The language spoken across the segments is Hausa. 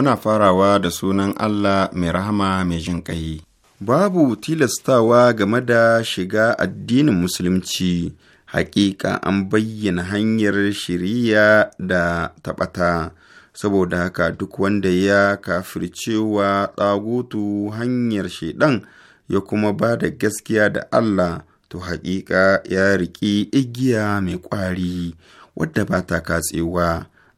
muna farawa da sunan Allah mai rahama mai jin ƙai. Babu tilastawa game da shiga addinin Musulunci, haƙiƙa an bayyana hanyar shiriya da taɓata, saboda haka duk wanda ya cewa ɗagutu hanyar shaiɗan ya kuma ba da gaskiya da Allah, to haƙiƙa ya riƙi igiya mai ƙwari, wadda ba ta katsewa.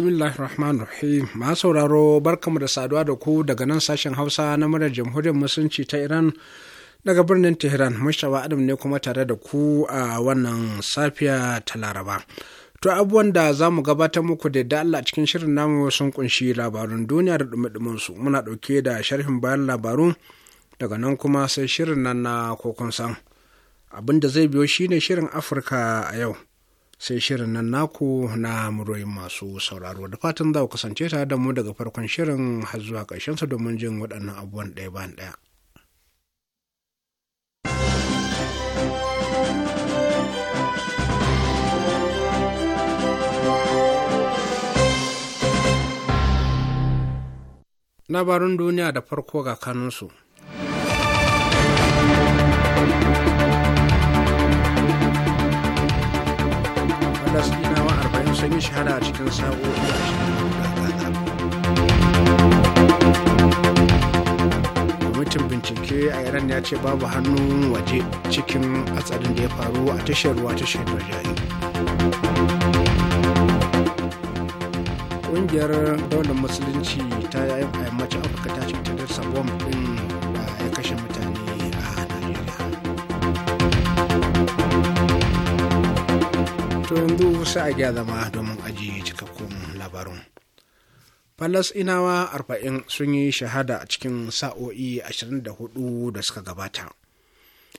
bismillahir rahim masu sauraro barkamu da saduwa da ku daga nan sashen hausa na murar jamhuriyar musulunci ta iran daga birnin tehran mushawa adam ne kuma tare da ku a wannan safiya ta laraba to abubuwan da za mu gabatar muku da da allah cikin shirin namu sun kunshi labarun duniya da dumi su muna ɗauke da sharhin bayan labaru daga nan kuma sai shirin nan na kokon san abin da zai biyo shine shirin afirka a yau sai shirin nan naku na muryoyin masu sauraro da fatan za ku kasance tare da mu daga farkon shirin har zuwa ƙarshensa domin jin waɗannan abubuwan ɗaya bayan ɗaya. Labarun duniya da farko ga kanunsu. falasɗinawa arba'in sun yi shahada a cikin sa'o'i kwamitin bincike a iran ya ce babu hannun waje cikin hatsarin da ya faru a tashar ruwa ta shaidar jari ƙungiyar daular musulunci ta yi a yammacin afirka ta ce ta dasa ɗin to yanzu sai a gya zama domin ajiye cikakkun labarun. inawa arba'in sun yi shahada a cikin sa'o'i 24 da suka gabata.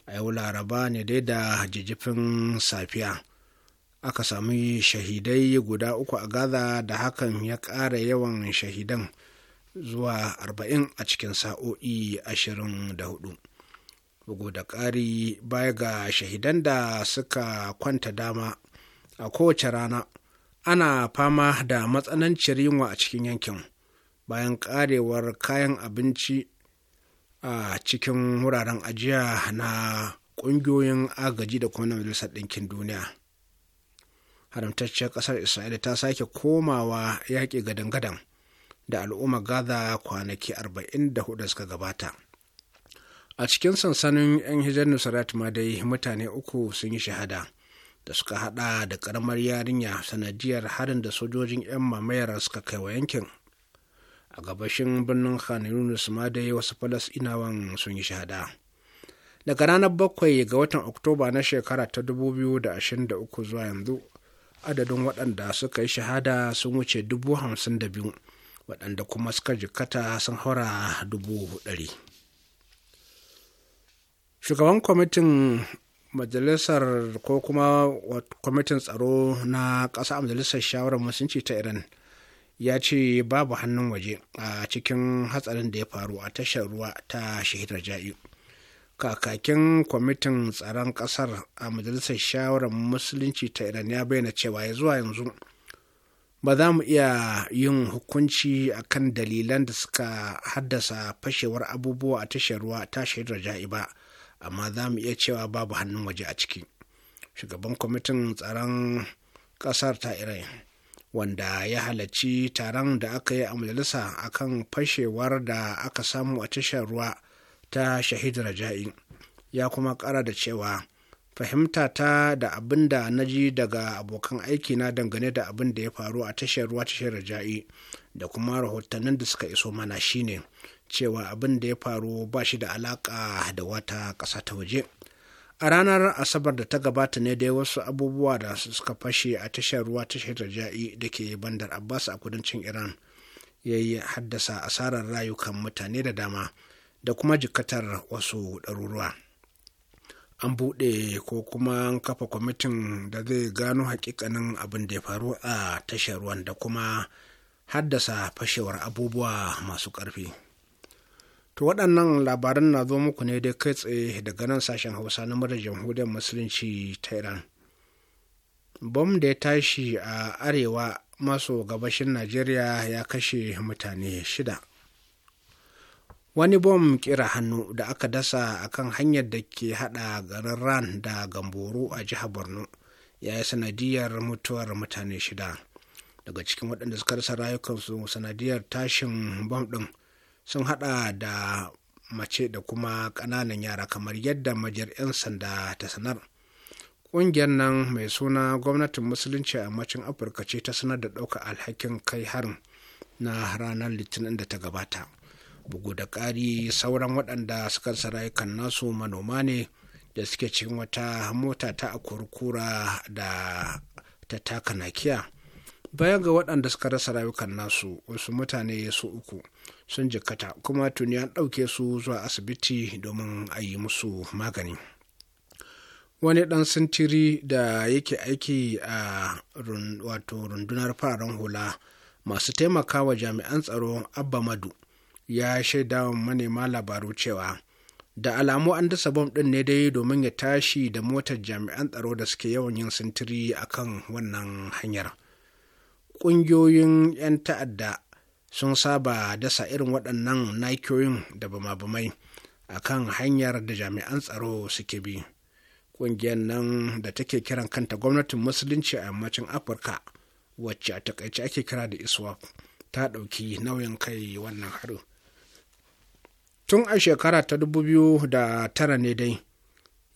A yau laraba ne dai da jijifin safiya. Aka sami shahidai guda uku a Gaza da hakan ya ƙara yawan shahidan zuwa arba'in a cikin sa'o'i ashirin Bugu da ƙari baya ga shahidan da suka kwanta dama a kowace rana ana fama da matsananciyar yunwa a cikin yankin bayan karewar kayan abinci a cikin wuraren ajiya na ƙungiyoyin agaji da kuma na majalisar ɗinkin duniya haramtacciyar ƙasar isra'ila ta sake komawa yaƙi gadan-gadan da al'umma gaza kwanaki 44 da suka gabata a cikin sansanin 'yan hijar nusrat ma dai mutane uku sun yi shahada da suka hada da karamar yarinya sanadiyar harin da sojojin 'yan mamayar suka kai wa yankin a gabashin birnin khan yunus ma dai wasu falasinawan sun yi shahada daga ranar bakwai ga watan oktoba na shekara ta 2023 zuwa yanzu adadin waɗanda suka yi shahada sun wuce dubu hamsin da biyu waɗanda kuma suka jikata sun haura dubu ɗari shugaban kwamitin majalisar ko kuma kwamitin tsaro na ƙasa a majalisar shawarar musulunci ta iran ya ce babu hannun waje a cikin hatsarin da ya faru a tashar ruwa ta shahidar ja'i kakakin kwamitin tsaron ƙasar a majalisar shawarar musulunci ta iran ya bayyana cewa ya zuwa yanzu ba za mu iya yin hukunci akan dalilan da suka haddasa fashewar abubuwa a tashar ruwa ta shahidar ja'i ba amma za mu iya cewa babu hannun waje a ciki shugaban kwamitin tsaron kasar ta iran wanda ya halarci taron da aka yi a majalisa akan fashewar da aka samu a tashar ruwa ta shahid raja'i ya kuma kara da cewa fahimta ta da abin da na ji daga abokan aiki na dangane da abin da ya faru a tashar ruwa tashar raja'i da kuma rahotannin da suka iso mana shine cewa abin da ya faru ba shi da alaƙa da wata ƙasa ta waje a ranar asabar da ta gabata ne dai wasu abubuwa da suka fashe a tashar ruwa tashar ja'i da ke bandar abbas a kudancin iran ya yi haddasa asarar rayukan mutane da dama da kuma jikatar wasu ɗaruruwa an buɗe ko kuma an kafa kwamitin da zai gano hakikanin abin da ya faru a tashar ruwan da kuma haddasa fashewar abubuwa masu ƙarfi. To waɗannan labaran na zo muku ne dai kai tsaye daga nan sashen Hausa na murar jamhuriyar Musulunci ta Iran. Bom da ya tashi a arewa maso gabashin Najeriya ya kashe mutane shida. Wani bom kira hannu da aka dasa a kan hanyar da ke haɗa garin Ran da Gamboro a jihar Borno ya yi sanadiyar mutuwar mutane shida. Daga cikin waɗanda suka rasa rayukansu sanadiyar tashin bom ɗin. sun hada da mace da kuma ƙananan yara kamar yadda majiyar 'yan sanda ta sanar ƙungiyar nan mai suna gwamnatin musulunci a macin afirka ce ta sanar da ɗauka alhakin kai harin na ranar litinin da ta gabata bugu da ƙari sauran waɗanda suka sarayukan nasu manoma ne da suke cikin wata mota ta akurkura da ta taka nakiya bayan ga waɗanda suka rasa rayukan nasu wasu mutane su uku sun jikkata kuma tuni an ɗauke su zuwa asibiti domin a yi musu magani wani ɗan sintiri da yake aiki a wato rundunar fararen hula masu taimakawa jami'an tsaro abba madu ya shaida wa manema labaru cewa da alamu an dasa bom ɗin ne dai domin ya tashi da motar jami'an tsaro da suke yawan yin sintiri akan wannan hanyar ƙungiyoyin 'yan ta'adda sun saba dasa irin waɗannan nakiyoyin da bama-bamai a kan hanyar da jami'an tsaro suke bi ƙungiyar nan da take kiran kanta gwamnatin musulunci a yammacin afirka wacce a takaice ake kira da iswap ta ɗauki nauyin kai wannan harin tun a shekara ta 2009 ne dai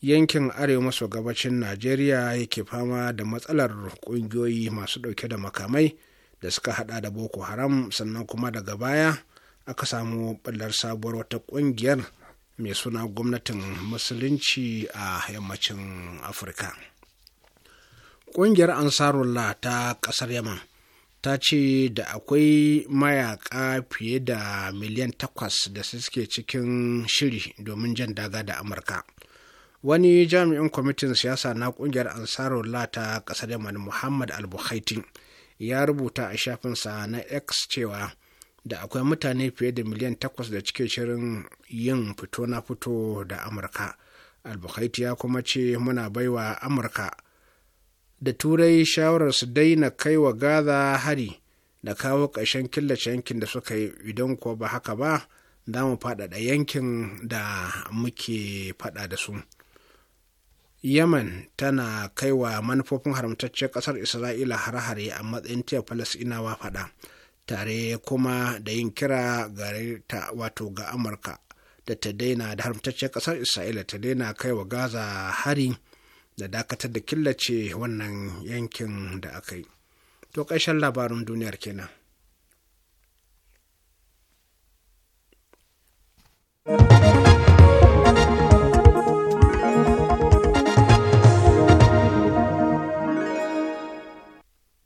yankin arewa maso gabacin najeriya yake fama da matsalar ƙungiyoyi masu ɗauke da makamai da suka hada da boko haram sannan kuma daga baya aka samu ɓallar sabuwar wata ƙungiyar mai suna gwamnatin musulunci a yammacin afirka ƙungiyar ansarullah ta ƙasar yaman ta ce da akwai mayaka fiye da miliyan takwas da suke cikin shiri domin jan daga da amurka wani jami'in kwamitin siyasa na kungiyar ansarullah Lata kasar yaman muhammad al ya rubuta a shafinsa na x cewa da akwai mutane fiye da miliyan takwas da cike shirin yin fito na fito da amurka al ya kuma ce muna baiwa amurka da turai shawarar su daina kai wa gaza hari da kawo ƙarshen killace yankin da suka yi idan kuwa ba haka ba za mu faɗaɗa yankin da muke faɗa da su Yemen tana kaiwa manufofin haramtacciyar ƙasar Isra'ila har-hare a matsayin taya Falasɗinawa faɗa, tare kuma da yin kira gare wato ga Amurka da ta daina da haramtacciyar ƙasar Isra'ila ta daina kai wa Gaza hari da dakatar da killace wannan yankin da aka yi. To ƙarshen labarin duniyar kenan. thank you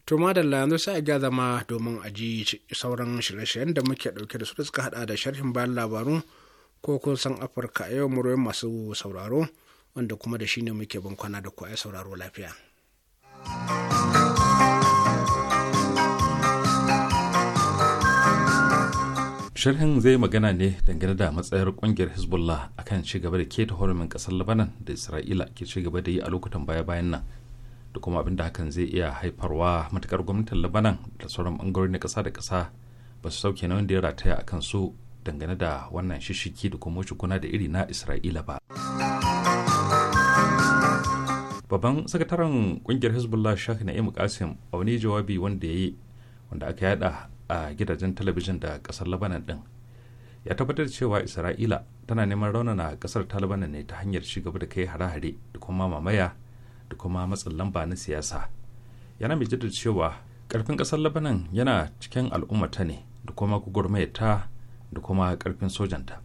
To madalla yanzu sai a gaza ma domin a ji sauran shirye-shiryen da muke dauke da su da suka hada da sharhin bayan labaru ko kun san Afirka a yau muryoyin masu sauraro wanda kuma da shi ne muke bankwana da ku sauraro lafiya. Sharhin zai magana ne dangane da matsayar kungiyar Hezbollah akan ci gaba da keta horumin kasar labanan da Isra'ila ke ci gaba da yi a lokutan baya-bayan nan. da kuma abin da hakan zai iya haifarwa matukar gwamnatin labanan da sauran bangarori na kasa da kasa ba su sauke nauyin da ya rataya a kan su dangane da wannan shishiki da kuma kuna da iri na isra'ila ba babban sakataren kungiyar hezbollah shah na'im kasim a wani jawabi wanda ya yi wanda aka yada a gidajen talabijin da kasar labanan din ya tabbatar cewa isra'ila tana neman raunana kasar ta ne ta hanyar ci gaba da kai hare-hare da kuma mamaya da kuma matsin lamba na siyasa yana mai jaddada cewa karfin kasar labanan yana cikin al'ummata ne da kuma ta da kuma karfin sojanta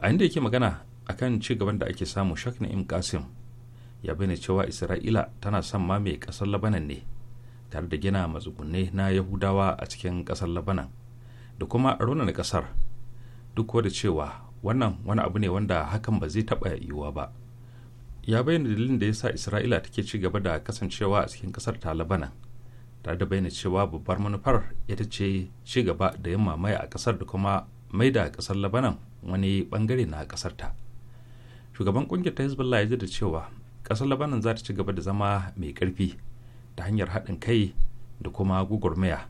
a inda yake magana akan ci gaban da ake samu shak na'im kasim ya bayyana cewa isra'ila tana son mame kasar labanan ne tare da gina matsugunne na yahudawa a cikin kasar labanan da kuma na kasar duk da cewa wannan wani abu ne wanda hakan ba zai taɓa yiwuwa ba ya bayyana dalilin da ya sa isra'ila take ci gaba da kasancewa a cikin kasar labanan tare da bayyana cewa babbar manufar ita ce ci gaba da yin mamaya a kasar da kuma mai da kasar labanan wani bangare na kasar ta shugaban kungiyar ta hezbollah ya da cewa kasar labanan za ta ci gaba da zama mai karfi ta hanyar haɗin kai da kuma gugurmaya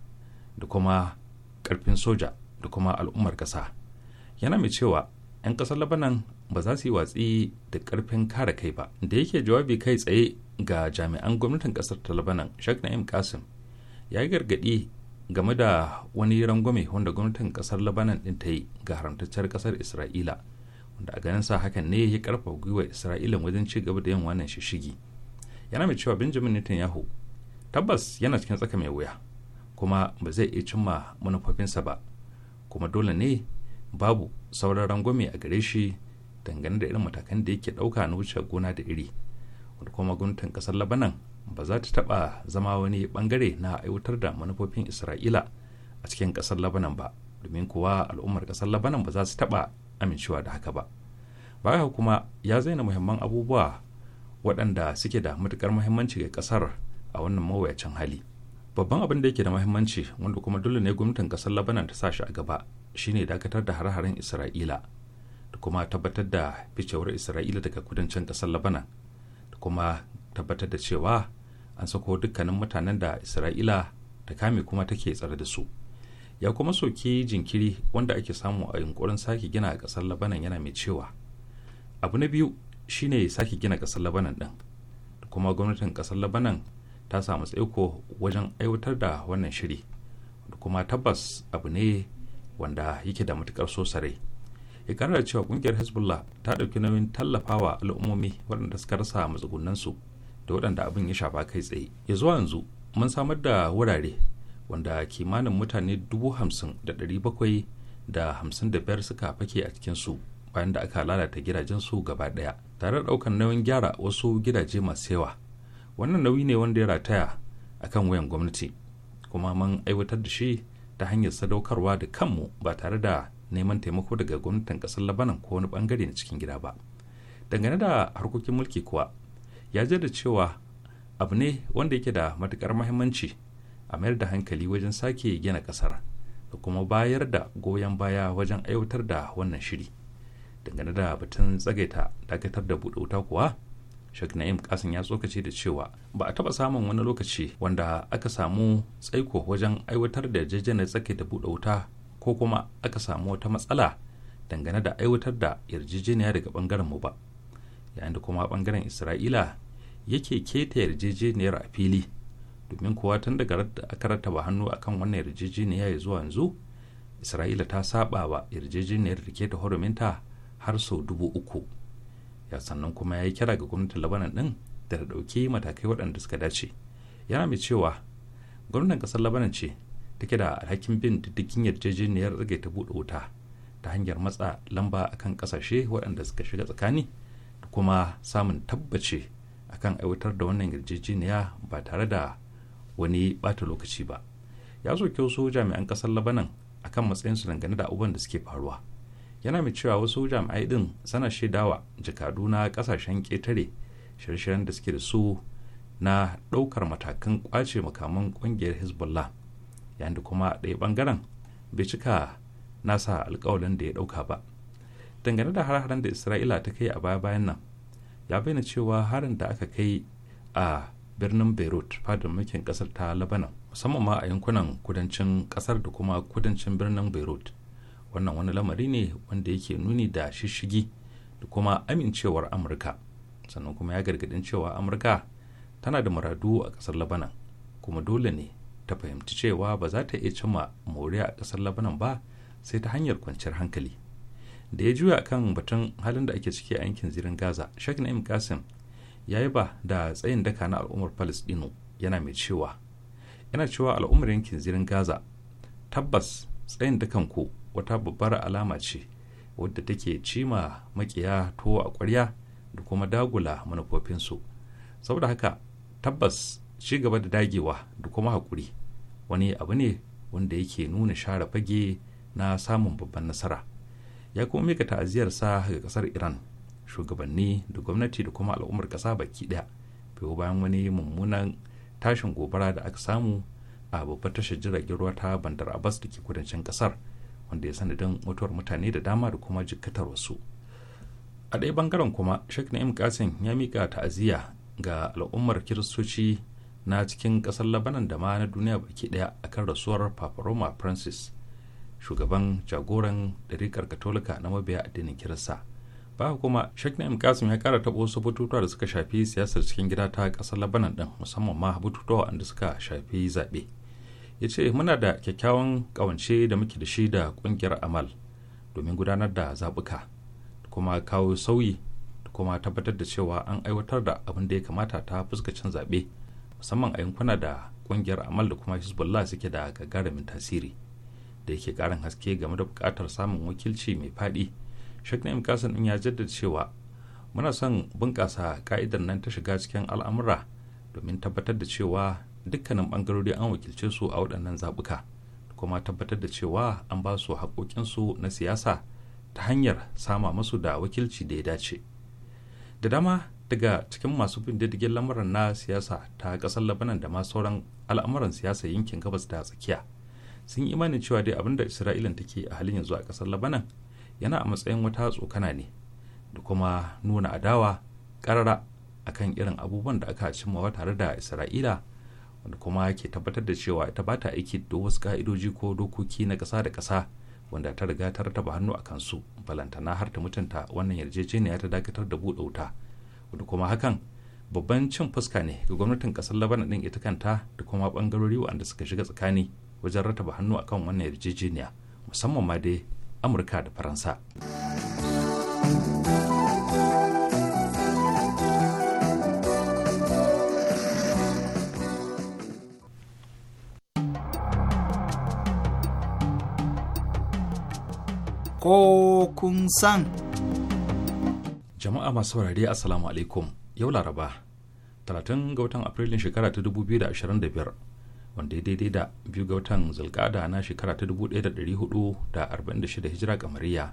da kuma karfin soja da kuma al'ummar ƙasa yana mai cewa 'yan ƙasar labanan ba za su yi watsi da karfin kare kai ba da yake jawabi kai tsaye ga jami'an gwamnatin kasar ta labanan shak na'im kasim ya yi gargadi game da wani rangwame wanda gwamnatin kasar labanan din ta yi ga haramtacciyar kasar isra'ila wanda a ganin sa hakan ne ya karfafa gwiwa isra'ila wajen ci gaba da yin wannan shishigi yana mai cewa benjamin netanyahu tabbas yana cikin tsaka mai wuya kuma ba zai iya cimma manufofinsa ba kuma dole ne babu sauran rangwame a gare shi dangane da irin matakan da yake ɗauka na wuce gona da iri wanda kuma gwamnatin ƙasar labanan ba za ta taɓa zama wani ɓangare na aiwatar da manufofin isra'ila a cikin ƙasar labanan ba domin kuwa al'ummar ƙasar labanan ba za su taɓa amincewa da haka ba baya kuma ya zaina muhimman abubuwa waɗanda suke da matuƙar muhimmanci ga ƙasar a wannan mawuyacin hali babban abin da yake da muhimmanci wanda kuma dole ne gwamnatin ƙasar labanan ta sa shi a gaba shine dakatar da hare-haren isra'ila kuma tabbatar da ficewar isra'ila daga kudancin kasar labanan da kuma tabbatar da cewa an sako dukkanin mutanen da isra'ila ta kame kuma take tsare da su ya kuma soki jinkiri wanda ake samu a yunkurin sake gina a kasar labanan yana mai cewa abu na biyu shine sake gina kasar labanan din da kuma gwamnatin kasar labanan ta samu tsaiko wajen aiwatar da wannan shiri da kuma tabbas abu ne wanda yake da matukar so sarai ya karar cewa kungiyar hezbollah ta ɗauki nauyin tallafawa al'ummomi waɗanda suka rasa matsugunansu da waɗanda abin ya shafa kai tsaye ya zuwa yanzu mun samar da wurare wanda kimanin mutane dubu hamsin da ɗari bakwai da hamsin da biyar suka fake a cikin su bayan da aka lalata gidajen su gaba ɗaya tare da ɗaukar nauyin gyara wasu gidaje masu yawa wannan nauyi ne wanda ya rataya a kan wayan gwamnati kuma mun aiwatar da shi ta hanyar sadaukarwa da kanmu ba tare da neman taimako daga gwamnatin kasar labanan ko wani bangare na cikin gida ba dangane da harkokin mulki kuwa ya da cewa abu ne wanda yake da matukar mahimmanci a mayar da hankali wajen sake gina kasar da kuma bayar da goyon baya wajen aiwatar da wannan shiri dangane da batun tsagaita dakatar da buɗe wuta kuwa Sheikh Na'im kasan ya tsokace da cewa ba a taɓa samun wani lokaci wanda aka samu tsaiko wajen aiwatar da yarjejeniyar tsakai da buɗe wuta ko kuma aka samu wata matsala dangane da aiwatar da yarjejeniya daga bangaren mu ba yayin da kuma bangaren isra'ila yake keta yarjejeniyar a fili domin kuwa tun daga aka rattaba hannu akan wannan yarjejeniya ya zuwa yanzu isra'ila ta saba ba yarjejeniyar da ta huruminta har sau dubu uku ya sannan kuma ya yi kira ga gwamnatin labanan din da ta ɗauki matakai waɗanda suka dace yana mai cewa gwamnan ƙasar labanan ce take da alhakin bin diddigin yarjejeniyar rage ta buɗe wuta ta hanyar matsa lamba akan kasashe waɗanda suka shiga tsakani da kuma samun tabbace akan aiwatar da wannan yarjejeniya ba tare da wani bata lokaci ba ya soke wasu jami'an ƙasar labanan akan matsayinsu dangane da abubuwan da suke faruwa yana mai cewa wasu jami'ai din sana shaidawa jakadu na kasashen ketare shirye-shiryen da suke da su na ɗaukar matakan ƙwace makaman ƙungiyar hezbollah yayin da kuma ɗaya bangaren bai cika nasa alkawalin da ya ɗauka ba dangane da har-haren da isra'ila ta kai a baya-bayan nan ya bayyana cewa harin da aka kai a birnin beirut fadar mulkin kasar ta labanan musamman ma a yankunan kudancin ƙasar da kuma kudancin birnin beirut wannan wani lamari ne wanda yake nuni da shishigi da kuma amincewar amurka sannan kuma ya gargadin cewa amurka tana da muradu a ƙasar labanan kuma dole ne ta fahimci cewa ba za ta iya cimma moriya a ƙasar labanan ba sai ta hanyar kwanciyar hankali da ya juya kan batun halin da ake ciki a yankin zirin gaza sheikh na'im kasim ya yi ba da tsayin daka na al'ummar dinu yana mai cewa yana cewa al'ummar yankin zirin gaza tabbas tsayin dakan ku wata babbar alama ce wadda take cima makiya tuwo a kwarya da kuma dagula manufofinsu saboda haka tabbas ci gaba da dagewa da kuma hakuri. wani abu ne wanda yake nuna share fage na samun babban nasara ya kuma mika ta'aziyarsa ga kasar iran shugabanni da gwamnati da kuma al'ummar kasa baki daya biyo bayan wani mummunan tashin gobara da aka samu a babbar tashar jiragen ruwa ta bandar abbas da ke kudancin kasar wanda ya sanadin mutuwar mutane da dama da kuma jikkatar wasu a ɗaya bangaren kuma shek na'im kasim ya mika ta'aziyya ga al'ummar kiristoci na cikin kasar labanan da ma na duniya baki daya akan rasuwar paparoma francis shugaban jagoran ɗarikar katolika na mabiya addinin kirista ba kuma shek na'im kasim ya kara taɓo wasu bututuwa da suka shafi siyasar cikin gida ta kasar labanan ɗin musamman ma bututuwa wanda suka shafi zaɓe ya ce muna da kyakkyawan ƙawance da muke da shi da ƙungiyar amal domin gudanar da zaɓuka da kuma kawo sauyi da kuma tabbatar da cewa an aiwatar da abin da ya kamata ta fuskacin zaɓe musamman a yankuna da kungiyar amal da kuma hezbollah suke da gagarumin tasiri da yake karin haske game da bukatar samun wakilci mai faɗi sheikh na'im kasan ya jaddada cewa muna son bunƙasa ka'idar nan ta shiga cikin al'amura domin tabbatar da cewa dukkanin bangarori an wakilce su a waɗannan zabuka kuma tabbatar da cewa an ba su haƙoƙinsu na siyasa ta hanyar sama masu da wakilci da ya dace da dama daga cikin masu bin diddigin lamuran na siyasa ta kasar labanan da ma sauran al'amuran siyasa yankin gabas da tsakiya sun yi imanin cewa dai abin da isra'ila take a halin yanzu a kasar labanan yana a matsayin wata tsokana ne da kuma nuna adawa karara akan irin abubuwan da aka cimmawa tare da isra'ila wanda kuma ke tabbatar da cewa ita ba ta aiki da wasu ka'idoji ko dokoki na ƙasa da ƙasa wanda ta riga ta rataba hannu a kansu balantana har ta mutunta wannan yarjejeniya ta dakatar da buɗe wuta da kuma hakan babban cin fuska ne ga gwamnatin kasar labanan din ita kanta da kuma bangarori wanda suka shiga tsakani wajen rataba hannu akan wannan yarjejeniya musamman ma dai amurka da faransa ko kun san jama'a masu wurare assalamu alaikum yau laraba 30 ga watan afrilun shekara ta 2025 wanda ya daidai da biyu ga watan zulkada na shekara ta 1446 hijira kamariya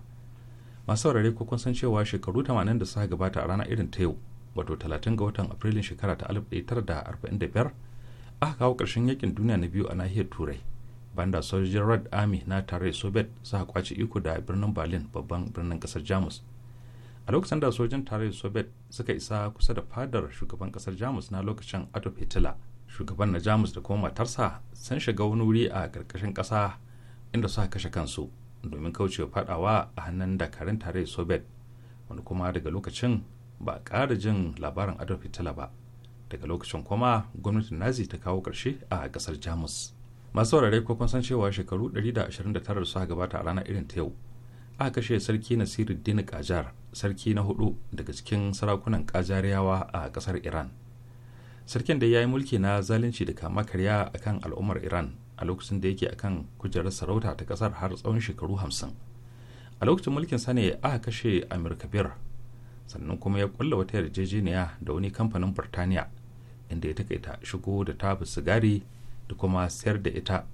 masu wurare ko kun san cewa shekaru 80 da suka gabata a rana irin ta yau wato 30 ga watan afrilun shekara ta 1945 aka kawo karshen yakin duniya na biyu a nahiyar turai banda sojojin red army na tare soviet suka kwace iko da birnin berlin babban birnin kasar jamus a lokacin da sojin tarayyar soviet suka isa kusa da fadar shugaban kasar jamus na lokacin adolf hitler shugaban na jamus da kuma matarsa sun shiga wani wuri a ƙarƙashin ƙasa inda suka kashe kansu domin kaucewa fadawa a hannun dakarun tarayyar soviet wani kuma daga lokacin ba a kara jin labarin adolf hitler ba daga lokacin kuma gwamnatin nazi ta kawo ƙarshe a ƙasar jamus masu saurare ko kun san cewa shekaru 129 suka gabata a ranar irin ta yau a kashe sarki nasiru dina kajar sarki na hudu daga cikin sarakunan kajariyawa a kasar iran sarkin da ya yi mulki na zalunci da kama karya a kan al'ummar iran a lokacin da yake akan kujerar sarauta ta kasar har tsawon shekaru hamsin a lokacin mulkin sani ne aka kashe amir kabir sannan kuma ya kulla wata yarjejeniya da wani kamfanin burtaniya inda ya takaita shigo da tabu sigari da kuma sayar da ita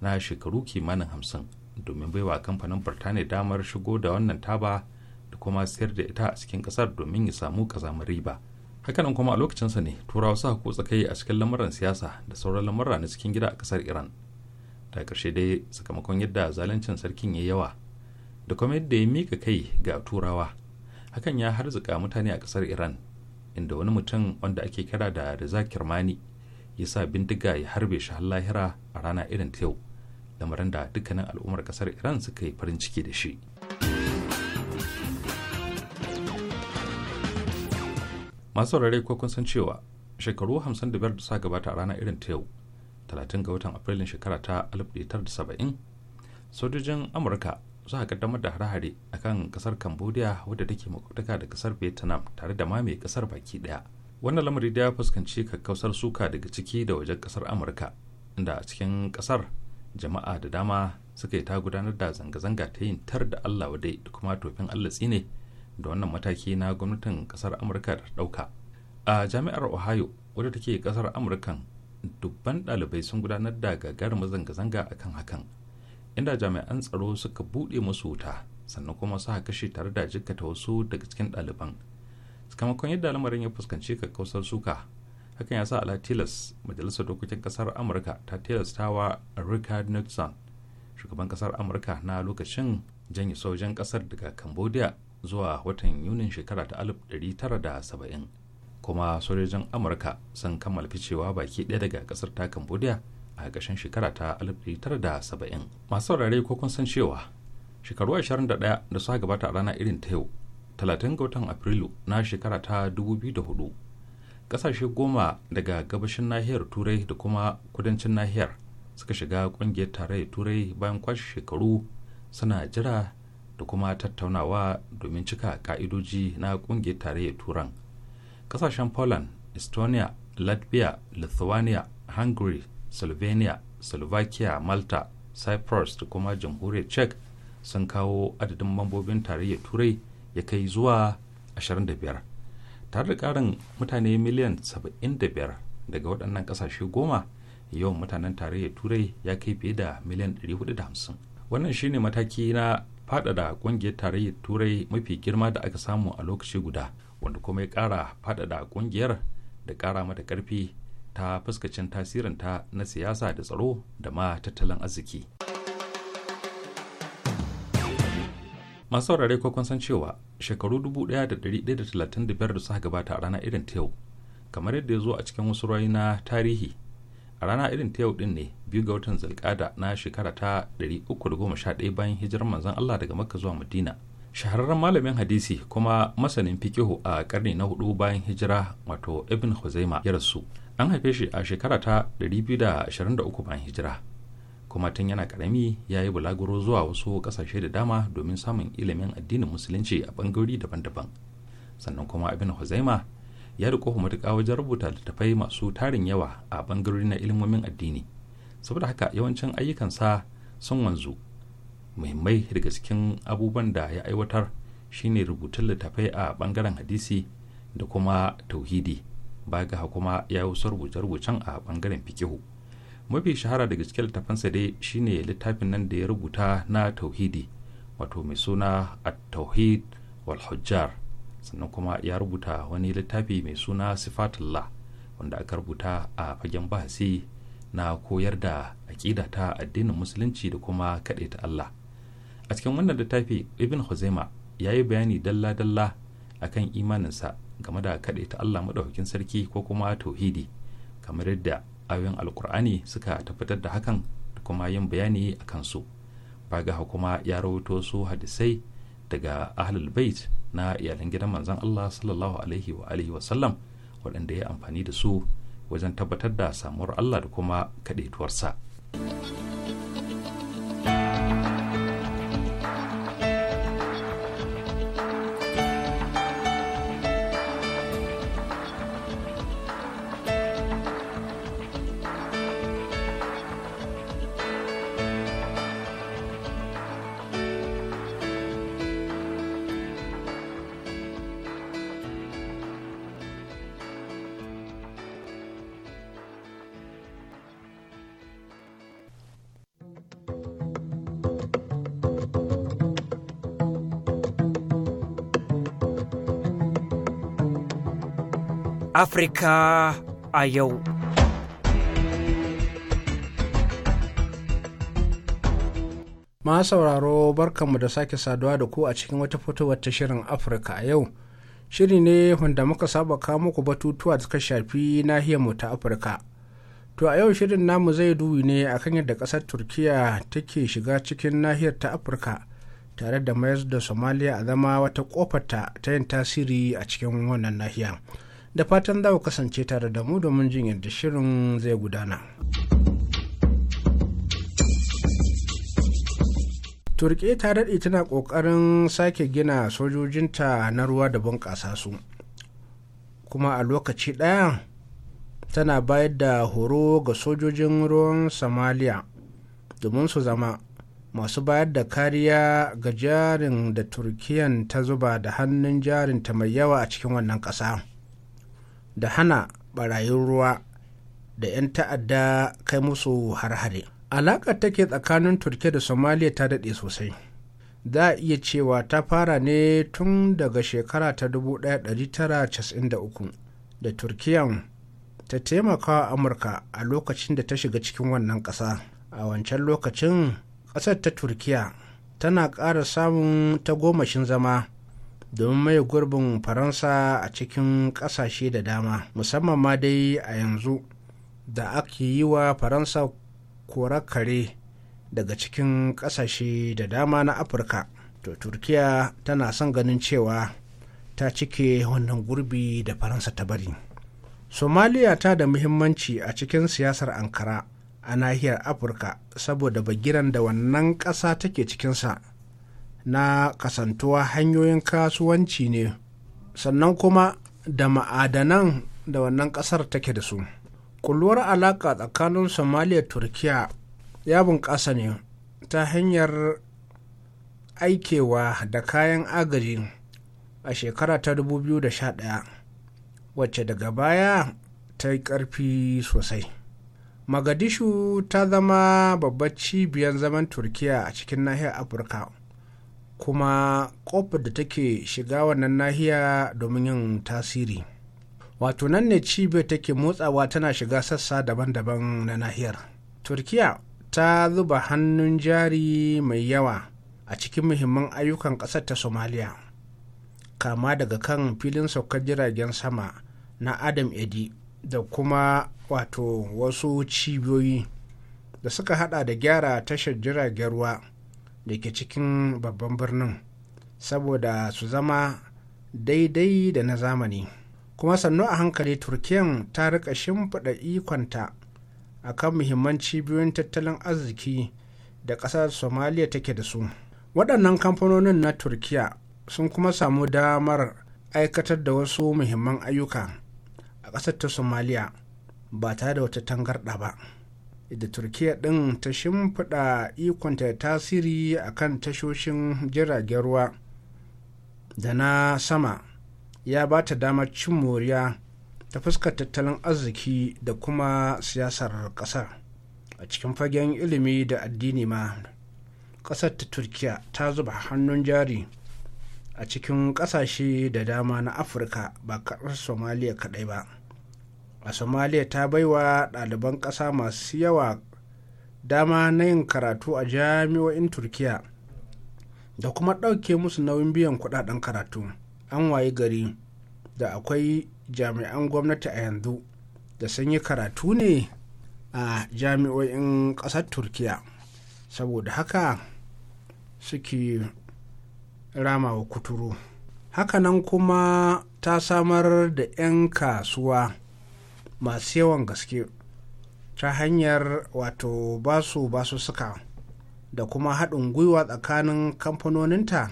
na shekaru kimanin hamsin domin baiwa kamfanin birtaniya damar shigo da wannan taba da kuma sayar da ita a cikin kasar domin ya samu kazamar riba hakanan kuma a lokacinsa ne turawa suka kotsa kai a cikin lamuran siyasa da sauran lamura na cikin gida a kasar iran da ƙarshe dai sakamakon yadda zaluncin sarkin ya yawa da kuma yadda ya mika kai ga turawa hakan ya harzuka mutane a kasar iran inda wani mutum wanda ake kira da Reza Kirmani ya sa bindiga ya harbe shi har lahira a rana irin ta yau lamarin da dukkanin al'ummar kasar iran suka yi farin ciki da shi masu saurare ko kun san cewa shekaru 55 da suka gabata a rana irin ta yau 30 ga watan afrilun shekara ta 1970 sojojin amurka a kaddamar da hare-hare a kan kasar cambodia wadda take makwabtaka da kasar vietnam tare da ma mai kasar baki daya wannan lamari da ya fuskanci kakkausar suka daga ciki da wajen kasar amurka inda a cikin kasar jama'a da dama suka yi ta gudanar da zanga-zanga ta yin tar da allah wadai da kuma tofin allah tsine da wannan mataki na gwamnatin kasar amurka da ɗauka a jami'ar ohio wadda take kasar amurkan dubban ɗalibai sun gudanar da gagarumin zanga-zanga akan hakan inda jami'an tsaro suka buɗe musu wuta sannan kuma suka kashe tare da jikkata wasu daga cikin ɗaliban sakamakon yadda lamarin ya fuskanci kakkausar suka hakan ya sa ala tilas majalisar dokokin kasar amurka ta tilastawa richard nixon shugaban kasar amurka na lokacin janye sojan kasar daga cambodia zuwa watan yunin shekara ta 1970 kuma sojojin amurka sun kammala ficewa baki ɗaya daga kasar ta cambodia a ƙarshen shekara ta 1970 masu saurare ko kun san cewa shekaru 21 da suka gabata a rana irin ta yau 30 ga watan afrilu na shekara ta 2004 kasashe goma daga gabashin nahiyar turai da kuma kudancin nahiyar suka shiga kungiyar tarayyar turai bayan kwashe shekaru suna jira da kuma tattaunawa domin cika ka'idoji na kungiyar tarayyar turan kasashen poland estonia latvia lithuania hungary slovenia slovakia malta cyprus da kuma jamhuriyar czech sun kawo adadin mambobin tarayyar turai ya kai zuwa 25 tare da ƙarin mutane miliyan 75 daga waɗannan ƙasashe goma yawan mutanen tarayyar turai ya kai fiye da miliyan 450 wannan shine mataki na faɗaɗa ƙungiyar tarayyar turai mafi girma da aka samu a lokaci guda wanda kuma ya ƙara faɗaɗa ƙungiyar da ƙara mata ƙarfi ta fuskacin tasirinta na siyasa da tsaro da ma tattalin arziki. masu saurare ko kun san cewa shekaru 1135 da suka gabata a rana irin ta yau kamar yadda ya zo a cikin wasu rayu na tarihi a rana irin ta yau din ne biyu ga watan zalkada na shekara ta 311 bayan hijirar manzon Allah daga makka zuwa madina shahararren malamin hadisi kuma masanin fikihu a karni na hudu bayan hijira wato ibn huzaima ya rasu an haife shi a shekara ta 223 bayan hijira kuma tun yana karami ya yi bulaguro zuwa wasu kasashe da dama domin samun ilimin addinin musulunci a bangarori daban-daban sannan kuma abin huzaima ya riko matuƙa wajen rubuta littattafai masu tarin yawa a bangarori na ilimomin addini saboda haka yawancin ayyukansa sun wanzu muhimmai daga cikin abubuwan da ya aiwatar shine rubutun littattafai a bangaren hadisi da kuma tauhidi ba ga kuma ya yi wasu rubuce-rubucen a bangaren fikihu. mafi shahara daga cikin littafansa dai shine littafin nan da ya rubuta na tauhidi wato mai suna at-tauhid wal sannan kuma ya rubuta wani littafi mai suna sifatullah wanda aka rubuta a fagen bahasi na koyar da aƙida ta addinin musulunci da kuma ta Allah a cikin wannan littafi ibn Huzaima ya yi bayani dalla-dalla akan imaninsa game da ta Allah maɗaukakin sarki ko kuma tauhidi kamar yadda ayoyin alkur'ani suka tabbatar da hakan da kuma yin bayani a kansu bagaha kuma ya rawaito su hadisai daga ahlul bait na iyalan gidan manzon Allah sallallahu alaihi wa alihi wa sallam waɗanda ya amfani da su wajen tabbatar da samuwar Allah da kuma kaɗaituwarsa. Afirka a yau. Ma sauraro barkanmu da sake saduwa da ku a cikin wata fitowar ta shirin Afirka a yau. Shiri ne wanda muka saba kawo muku batutuwa da suka shafi nahiyarmu ta Afirka. To a yau shirin namu zai duwi ne akan yadda ƙasar Turkiya take shiga cikin nahiyar ta Afirka tare da mayar da Somalia a zama wata ƙofarta ta yin tasiri a cikin wannan nahiyar. da fatan za ku kasance tare da mu domin jin yadda shirin zai gudana. turke ta daɗe tana ƙoƙarin sake gina sojojinta na ruwa da bunƙasa su kuma a lokaci ɗaya tana bayar da horo ga sojojin ruwan somalia domin su zama masu bayar da kariya ga jarin da turkiyan ta zuba da hannun jarinta mai yawa a cikin wannan ƙasa. da hana barayin ruwa da 'yan ta'adda kai musu har-hare alaƙa take tsakanin turkiya da somaliya ta daɗe sosai za a iya cewa ta fara ne tun daga shekara ta 1993 da turkiyan ta taimaka amurka a lokacin da ta shiga cikin wannan ƙasa a wancan lokacin ƙasar ta turkiya tana ƙara samun ta tagomashin zama domin mai gurbin faransa a cikin ƙasashe da dama musamman ma dai a yanzu da ake yi wa faransa kore kare daga cikin ƙasashe da dama na afirka to turkiya tana son ganin cewa ta cike wannan gurbi da faransa ta bari somaliya ta da muhimmanci a cikin siyasar ankara a nahiyar afirka saboda bagiran da wannan ƙasa take cikinsa na kasantuwa hanyoyin kasuwanci ne sannan kuma da ma'adanan da wannan ƙasar take da su kulluwar alaƙa tsakanin somaliya turkiya ya bunƙasa ne ta hanyar aikewa da kayan agaji a shekara ta 2011 wacce daga baya ta yi ƙarfi sosai magadishu ta zama babbar cibiyar zaman turkiya a cikin nahiyar afirka kuma ƙofar da take shiga wannan nahiya domin yin tasiri wato nan ne cibiyar take motsawa tana shiga sassa daban-daban na nahiyar turkiya ta zuba hannun jari mai yawa a cikin muhimman ayyukan ƙasar ta somaliya kama daga kan filin saukar jiragen sama na adam edi da kuma wato wasu cibiyoyi da suka hada da gyara tashar jiragen ruwa da ke cikin babban birnin saboda su zama daidai da na zamani kuma sannu a hankali turkiyan ta rika shimfiɗa ikonta a kan muhimman cibiyoyin tattalin arziki da ƙasar somaliya take da su waɗannan kamfanonin na turkiya sun kuma samu damar aikatar da wasu muhimman ayyuka a ƙasar ta somaliya ba tare da wata tangarɗa ba da turkiya ɗin ta shimfiɗa ikonta tasiri a kan tashoshin jiragen ruwa da na sama ya ba ta damar cin moriya ta fuskar tattalin arziki da kuma siyasar ƙasar a cikin fagen ilimi da addini ma ƙasar ta turkiya ta zuba hannun jari a cikin ƙasashe da dama na afirka ba kaɗar somaliya kaɗai ba a Somalia ta baiwa ɗaliban ƙasa masu yawa dama na yin karatu a jami'o'in turkiya da kuma ɗauke musu nauyin biyan kuɗaɗen karatu an wayi gari da akwai jami'an gwamnati a yanzu da sun yi karatu ne a jami'o'in ƙasar turkiya saboda haka suke rama wa kuturu hakanan kuma ta samar da 'yan kasuwa masu yawan gaske ta hanyar wato basu basu suka da kuma haɗin gwiwa tsakanin kamfanoninta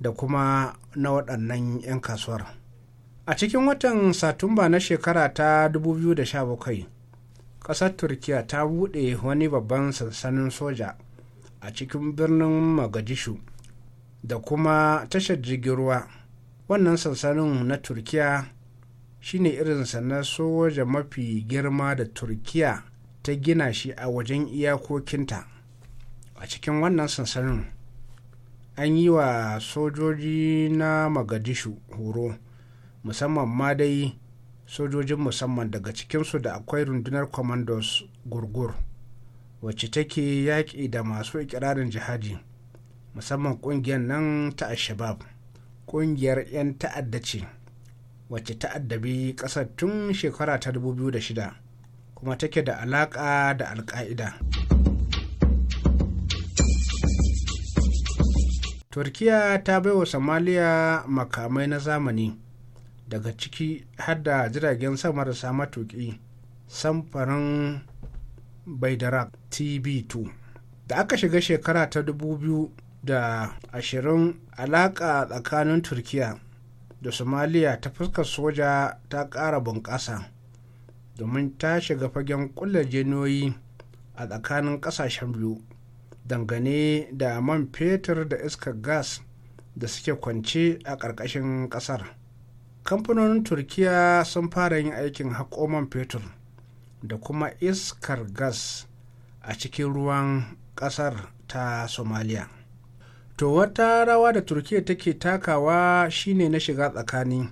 da kuma na waɗannan 'yan kasuwar a cikin watan satumba na shekara ta 2017 ƙasar turkiya ta buɗe wani babban sansanin soja a cikin birnin Magajishu, da kuma tashar jirgin ruwa wannan sansanin na turkiya shine sa na soja mafi girma da turkiya ta gina shi a wajen iyakokinta a cikin wannan sansanin an yi wa sojoji na magadishu horo musamman ma dai sojojin musamman daga cikinsu da akwai rundunar commandos gurgur wacce take yaƙi da masu ikirarin jihadi musamman ƙungiyar nan ta al-shabab ƙungiyar 'yan ta'adda ce wacce ta addabi ƙasar tun shekara ta 2006 kuma take da alaƙa da alka'ida. turkiya ta baiwa somaliya makamai na zamani daga ciki har jiragen sama da sama tuki samfarin baidarak tb2 da aka shiga shekara ta 2020 alaƙa tsakanin turkiya da somaliya ta fuskar soja ta ƙara bunƙasa domin ta shiga fagen ƙulla jeniyoyi a tsakanin ƙasashen biyu dangane da man fetur da iskar gas da suke kwance a ƙarƙashin ƙasar kamfanonin turkiya sun fara yin aikin haƙo man fetur da kuma iskar gas a cikin ruwan ƙasar ta somaliya to wata rawa da turkiya take takawa shine na shiga tsakani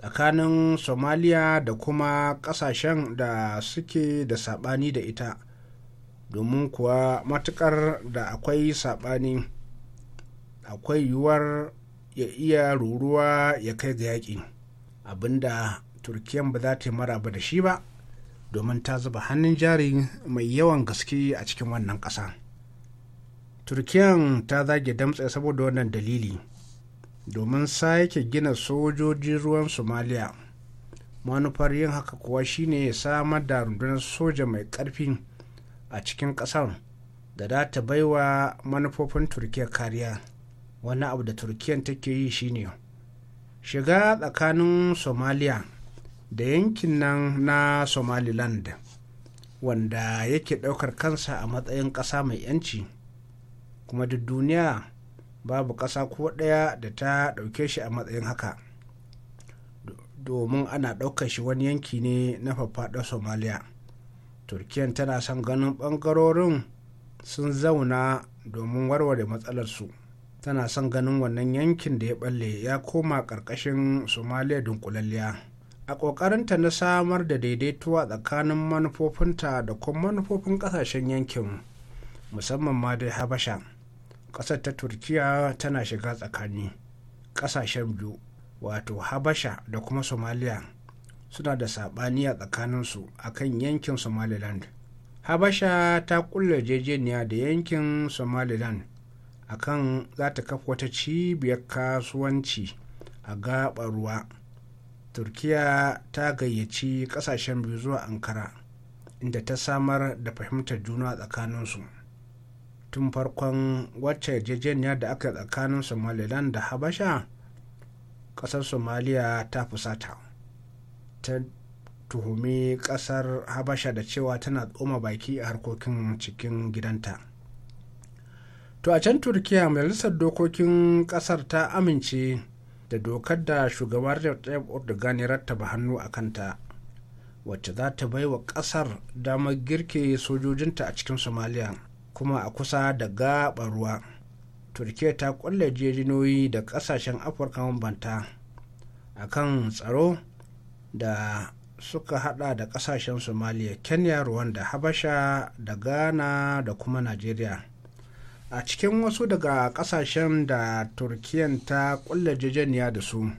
tsakanin somaliya da kuma kasashen da suke da sabani da ita domin kuwa matukar da akwai sabani akwai yiwuwar ya iya ruruwa ya kai ga yaƙi abinda turkiyan ba za ta yi maraba da shi ba domin ta zuba hannun jari mai yawan gaske a cikin wannan ƙasa. turkiyan ta zage damtse saboda wannan dalili domin sake gina sojojin ruwan somaliya manufar yin haka kuwa shine ya samar da rundunar soja mai karfi a cikin kasar da za ta baiwa manufofin turkiya kariya wani abu da turkiyan take yi shine shiga tsakanin somaliya da yankin nan na somaliland wanda yake ɗaukar kansa a matsayin ƙasa mai 'yanci kuma duk duniya babu ƙasa ko ɗaya da ta ɗauke shi a matsayin haka domin ana ɗaukar shi wani yanki ne na faffaɗar somaliya turkiyan tana son ganin ɓangarorin sun zauna domin warware matsalarsu tana son ganin wannan yankin da ya ɓalle ya koma ƙarƙashin somaliya dunkulalliya a ƙoƙarinta na samar da daidaituwa tsakanin manufofinta da kuma manufofin ƙasashen yankin musamman ma dai habasha ƙasar ta turkiya tana shiga tsakani ƙasashen biyu wato habasha da kuma somaliya suna da saɓani a tsakaninsu a kan yankin somaliland habasha ta kulle jejeniya da yankin somaliland a kan za ta kafa wata cibiyar kasuwanci a gaɓar ruwa turkiya ta gayyaci ƙasashen biyu zuwa ankara inda ta samar da fahimtar juna tsakaninsu tun farkon wacce yarjejeniya da aka tsakanin somaliland da habasha kasar somaliya ta fusata ta tuhumi kasar habasha da cewa tana tsoma baki a harkokin cikin gidanta to a can turkiya majalisar dokokin kasar ta amince da dokar da shugabar Recep Erdogan ya rattaba hannu a kanta wacce za ta wa kasar damar girke sojojinta a cikin somaliya kuma a kusa da gaɓar ruwa turkiya ta kulle jirinoyi da ƙasashen afirka banta a kan tsaro da suka hada da ƙasashen somaliya kenya rwanda habasha da ghana da kuma nigeria a cikin wasu daga ƙasashen da turkiyan ta kulle jejeniya da su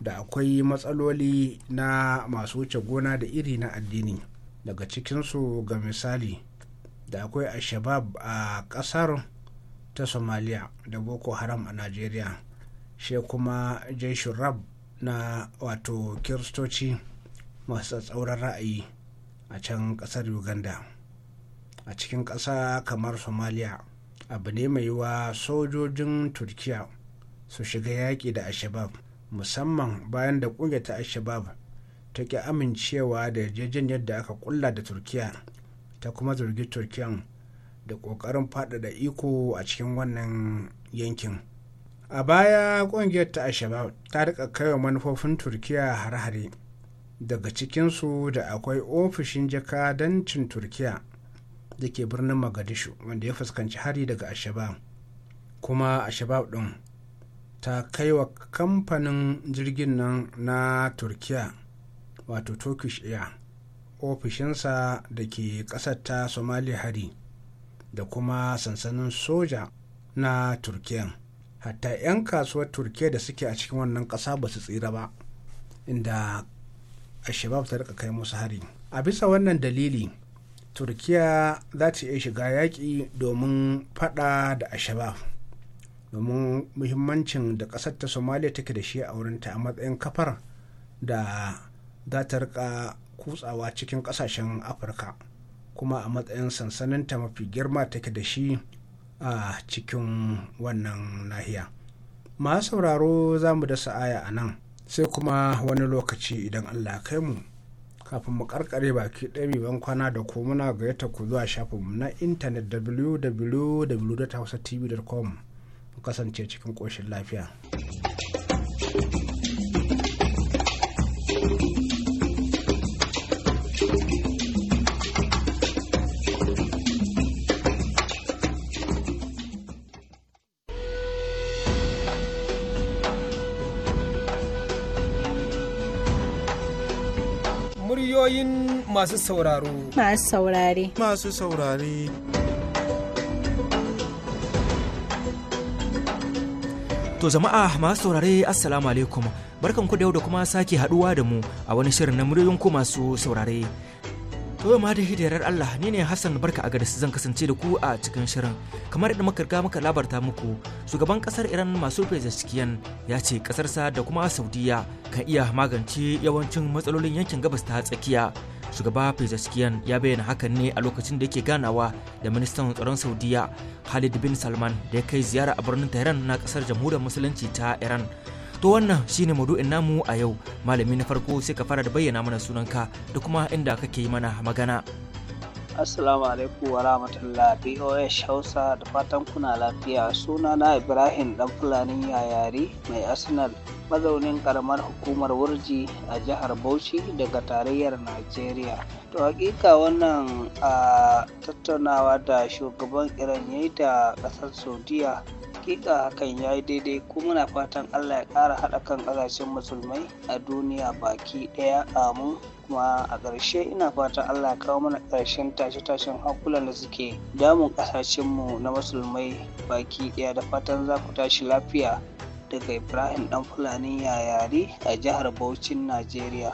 da akwai matsaloli na masu wuce gona da iri na addini daga cikinsu ga misali da akwai al-shabab a kasar ta somalia da boko haram a nigeria shi kuma jeshin rab na wato kiristoci masu tsauran ra'ayi a can kasar uganda a cikin ƙasa kamar somalia abu ne mai yiwa sojojin turkiya su shiga yaƙi da ashabab musamman bayan da ƙungiyar ta ashabab ta ki amincewa da yarjejeniyar da aka ƙulla da turkiya ta kuma zargi turkiyan da ƙoƙarin faɗaɗa iko a cikin wannan yankin a baya ƙungiyar ta ashaba ta rika kaiwa manufofin turkiya har-hare daga cikinsu da akwai ofishin jakadancin turkiya da ke birnin magadishu wanda ya fuskanci hari daga ashabab kuma ashabab ɗin ta kaiwa kamfanin jirgin nan na turkiya wato turkish air ofishinsa da ke ƙasar ta somaliya hari da kuma sansanin soja na turkiya hatta 'yan kasuwar turkiya da suke a cikin wannan ƙasa ba su tsira ba inda shabab ta rika kai musu hari a bisa wannan dalili turkiya za ta iya shiga yaƙi domin fada da a shabab domin muhimmancin da ƙasar ta somaliya take da shi a wurinta a matsayin kafar da za ta rika kutsawa cikin kasashen afirka kuma a matsayin sansanin ta mafi girma take da shi a cikin wannan nahiya masu sauraro za mu da sa'aya a nan sai kuma wani lokaci idan allah kai mu kafin mu karkare baki ɗaya mai ban kwana da ko muna gayyata ku zuwa shafinmu na intanet www.hausatv.com mu kasance cikin ƙoshin lafiya. masu sauraro masu saurare masu saurare To jama'a masu saurare assalamu alaikum barkan ku da yau da kuma sake haduwa da mu a wani shirin na muryoyin ku masu saurare. To ma da hidirar Allah ni ne Hassan barka a gadis zan kasance da ku a cikin shirin kamar yadda muka riga muka labarta muku shugaban kasar Iran masu cikiyan ya ce kasarsa da kuma Saudiya kan iya magance yawancin matsalolin yankin gabas ta tsakiya. shugaba Pezeskian ya bayyana hakan ne a lokacin da yake ganawa da ministan tsaron saudiya khalid bin salman da ya kai ziyara a birnin tehran na kasar jamhuriyar musulunci ta iran to wannan shine maudu'in namu a yau malami na farko sai ka fara da bayyana mana sunanka da kuma inda kake yi mana magana Assalamu alaikum wa rahmatullah BOS Hausa da fatan kuna lafiya suna na Ibrahim dan Fulani Yayari mai Arsenal mazaunin karamar hukumar Wurji a jihar Bauchi daga tarayyar Najeriya. To hakika wannan a tattaunawa da shugaban Iran yayi da kasar Saudiya hakika hakan ya yi daidai ko muna fatan allah ya ƙara haɗa kan ƙasashen musulmai a duniya baki ɗaya amin kuma a ƙarshe ina fatan allah ya kawo mana ƙarshen tashe-tashen hankulan da suke damun ƙasashenmu na musulmai baki ɗaya da fatan za ku tashi lafiya daga ibrahim ɗan fulani yayari a jihar Bauchin najeriya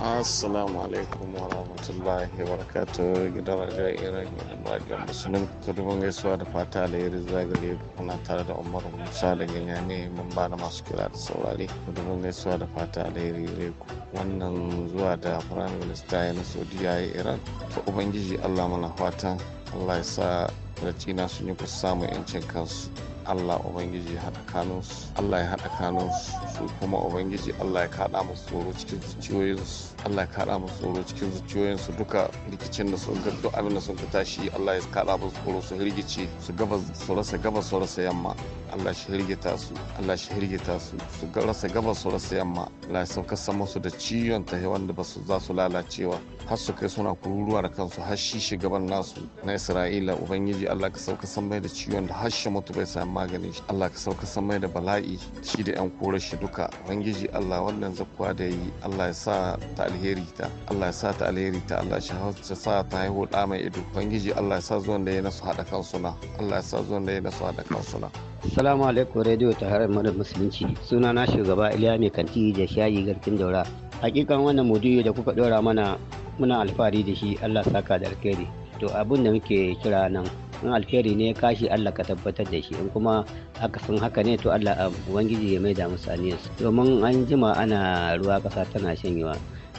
assalamu alaikum wa rahmatullahi wa barakatu gidan rajar iran gidan musulun kudurin gaisuwa da fata da yiri zagare kuna tare da umar musa da ganya ne mun ba na masu kira da saurare kudurin gaisuwa da fata da yiri reku wannan zuwa da firayim minista ya na saudiya ya iran ta ubangiji allah mana fatan allah ya sa palestina sun yi kusa samun yancin kansu Allah Ubangiji haɗa kanunsu Allah ya haɗa kanunsu su kuma Ubangiji Allah ya kaɗa musu tsoro cikin zuciyoyinsu Allah ya kada musu tsoro cikin zuciyoyinsu duka rikicin da sun ga duk abin da sun ka tashi Allah ya kada musu tsoro su hirgice su gaba su rasa gaba su rasa yamma Allah shi hirgita su Allah shi hirgita su su rasa gaba su rasa yamma Allah ya sauka sama su da ciwon ta wanda ba su za su lalacewa har su kai suna kururuwa da kansu har shi shugaban nasu na Isra'ila ubangiji Allah ka sauka sama da ciwon da har shi mutu bai sami maganin shi Allah ka sauka sama da bala'i shi da yan korar shi duka ubangiji Allah wannan zakwa da yi Allah ya sa ta alheri ta Allah ya sa ta alheri ta Allah ya hausa sa ta haihu da mai ido bangiji Allah ya sa zuwan da ya nasu haɗa kan suna Allah ya sa zuwan da ya nasu haɗa kan suna Assalamu alaikum radio ta harin mara musulunci suna na shugaba Iliya mai kanti da shayi garkin daura hakikan wannan maudu'i da kuka dora mana muna alfahari da shi Allah saka da alheri to abin da muke kira nan in alheri ne kashi Allah ka tabbatar da shi in kuma aka san haka ne to Allah ubangiji ya mai da aniyarsu domin an jima ana ruwa kasa tana shanyewa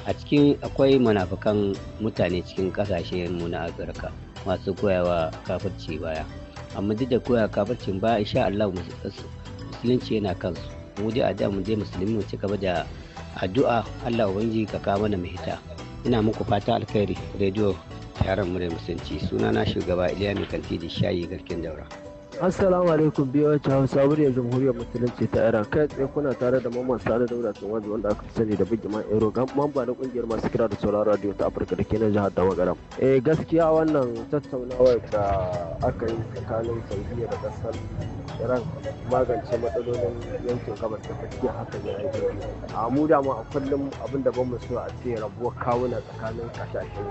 a cikin akwai manafakan mutane cikin kasashe mu na afirka masu koyawa kafirci baya amma duk da koya kafircin baya insha Allah musulunci yana kansu mu dai a da mu dai musulmi mu ci gaba da addu'a Allah ubangiji ka kawo mana mahita ina muku fata alkhairi radio taron mu da musulunci sunana shugaba Iliya Mai Kanti da Shayi Garkin Daura Assalamu alaikum biyo BOH Hausa muryar Jamhuriyar Musulunci ta Iran kai tsaye kuna tare da Mamman da Dauda wanzu wanda aka sani da man Ero ga mamba na kungiyar masu kira da solar radio ta Afirka da ke na jihar Dawagaram. Eh gaskiya wannan tattaunawar da aka yi tsakanin Saudiya da kasar Iran magance matsalolin yankin gabas da tsakiya haka ne a yi. A mu da mu a kullum abin da ban mu so a ce rabuwar kawuna tsakanin kasashen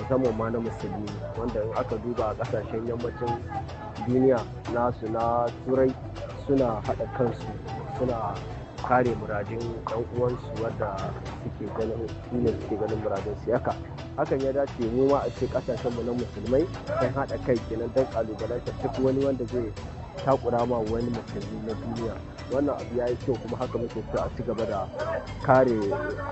musamman ma na musulmi wanda in aka duba a kasashen yammacin duniya nasu na turai suna haɗa kansu suna kare muradin ɗan uwansu wadda suke ganin su suke ganin muradin su yaka hakan ya dace mu ma a ce mu na musulmai sun haɗa kai kenan dan ƙalubalantar duk wani wanda zai takura ma wani musulmi na duniya wannan abu ya yi kyau kuma haka muke so a ci gaba da kare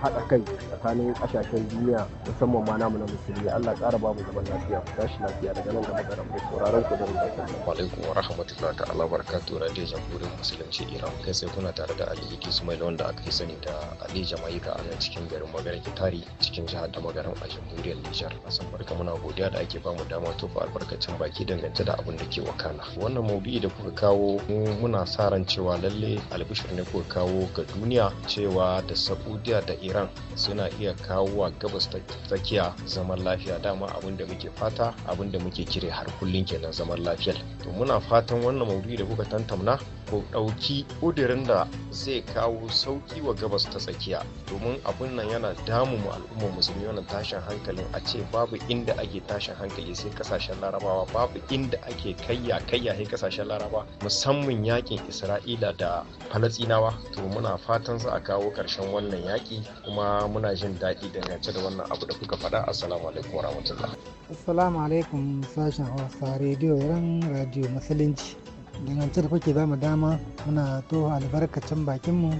haɗa kai tsakanin ƙasashen duniya musamman ma namu na musulmi allah ƙara ba mu zaman lafiya ku tashi lafiya daga nan gaba da rabu sauraron ku da mu alaikum wa rahmatullahi ta'ala barakatuhu radio jamhuriyar musulunci iran kai sai kuna tare da ali aliyu ismail wanda aka yi sani da ali jama'ika a nan cikin garin magana kitari cikin jihar da magaran a jamhuriyar nijar asan barka muna godiya da ake bamu dama tofa albarkacin baki dangance da abin da ke wakana wannan maudu'i da kuka kawo muna sa ran cewa lalle lalle albishir ne kuka kawo ga duniya cewa da saudiya da iran suna iya kawo wa gabas ta tsakiya zaman lafiya dama abin da muke fata abin da muke kire har kullum kenan zaman lafiyar to muna fatan wannan maudu'i da kuka tantamna ku ɗauki ƙudurin da zai kawo sauƙi wa gabas ta tsakiya domin abin nan yana damu mu al'ummar musulmi wannan tashin hankalin a ce babu inda ake tashin hankali sai kasashen larabawa babu inda ake kayya kayya sai kasashen laraba musamman yakin isra'ila da falastinawa to muna fatan za a kawo ƙarshen wannan yaƙi kuma muna jin daɗi dangance da wannan abu da kuka faɗa assalamu alaikum rahmatullah assalamu alaikum sashen hausa rediyo ran radio musulunci dangance da kuke ba mu dama muna to albarkacin bakinmu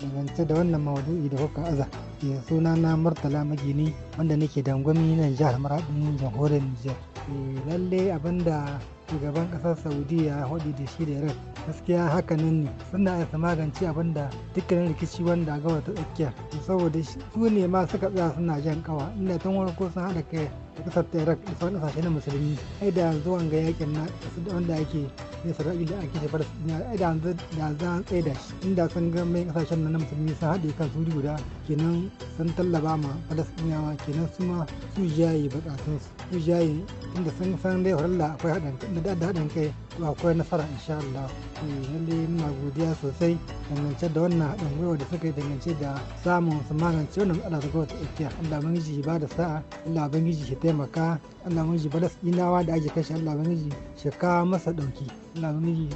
dangance da wannan maudu'i da kuka aza ke eh, suna na murtala magini wanda nake dangwami nan jihar maradin jamhuriyar nijar eh, lalle abinda shugaban kasar saudiya ya hudu da shi da iran gaskiya haka nan ne suna isa magance abinda dukkanin rikici wanda gawa ta tsakiya saboda su ne ma suka tsaya suna jan kawa inda tun wani ko sun haɗa kai ta kasar ta iraq da sauran kasashe na musulmi ai da yanzu ga yakin na wanda ake ne sarari da ake shafar ai da yanzu da za a tsaye da shi inda sun ga mai kasashen na musulmi sun haɗe kan su guda kenan sun tallaba ma falastinawa kenan su ma su jaye bukatunsu su jaye tunda sun san dai horalla akwai haɗin kai akwai nasara insha Allah eh, lalle muna godiya sosai dangance da wannan haɗin gwiwa da suka yi dangance da samun su magance wannan matsala ta kowace tsakiya Allah ji ba da sa'a Allah ji shi taimaka Allah bangiji ba da inawa da ake kashe Allah ji shi kawo masa ɗauki Allah ji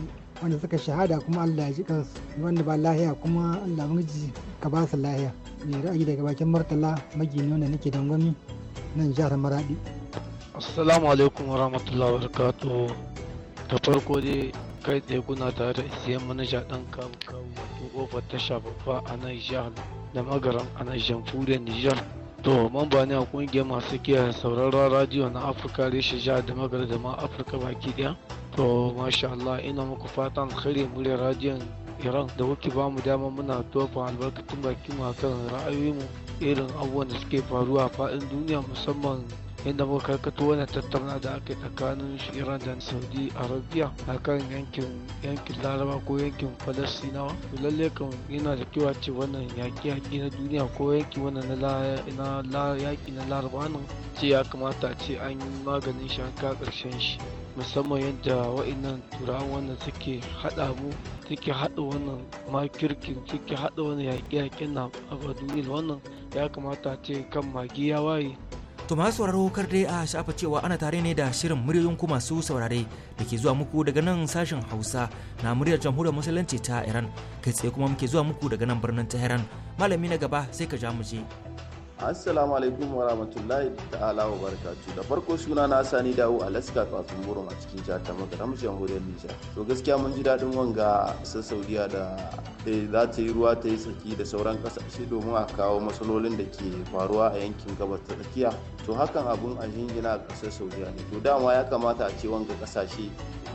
wanda suka shahada kuma Allah ya ji kansu wanda ba lahiya kuma Allah ji ka ba su lahiya da ra'ayi daga bakin martala magini wanda nake dangwami nan jihar maradi assalamu alaikum wa wabarakatuh da farko dai kai tsaye kuna tare da isiyan manaja ɗan kawo kawo wato kofar tasha babba a nan jihar da magaran a nan jamhuriyar nijar to mamba ne a kungiyar masu kiyaye sauraron radiyo na afirka reshe jihar da magaran da ma afirka baki daya to masha allah ina muku fatan alkhairi muryar radiyon iran da kuke ba mu dama muna tofa albarkatun baki mu akan ra'ayoyinmu irin abubuwan da suke faruwa a faɗin duniya musamman inda muka kato wani tattauna da aka tsakanin iran da saudi arabia a kan yankin yankin laraba ko yankin Falasinawa. to lalle kan yana da kyau ce wannan yaƙi yaƙi na duniya ko yaƙi wannan na yaƙi na laraba nan ce ya kamata ce an yi maganin shi an kawo ƙarshen shi musamman yadda wa'annan turawan wannan suke haɗa mu suke haɗa wannan makirkin suke haɗa wannan yaƙi yaƙen na a wannan ya kamata ce kan magi ya waye To masu sauraro kar dai a shafa cewa ana tare ne da shirin muryoyin ku masu saurare da ke zuwa muku daga nan sashen Hausa na muryar jamhuriyar musulunci ta Iran kai tsaye kuma muke zuwa muku daga nan birnin Tehran malami na gaba sai ka ja mu je. assalamu alaikum wa rahmatullahi ta'ala wa barakatu da farko suna na sani dawo a laska kafin burum a cikin jihar ta makaram jamhuriyar nijar to gaskiya mun ji daɗin wanga ƙasar saudiya da za ta yi ruwa ta yi tsaki da sauran ƙasashe domin a kawo matsalolin da ke faruwa a yankin gabas ta tsakiya to hakan abun a jingina a ƙasar saudiya ne to dama ya kamata a ce wanga ƙasashe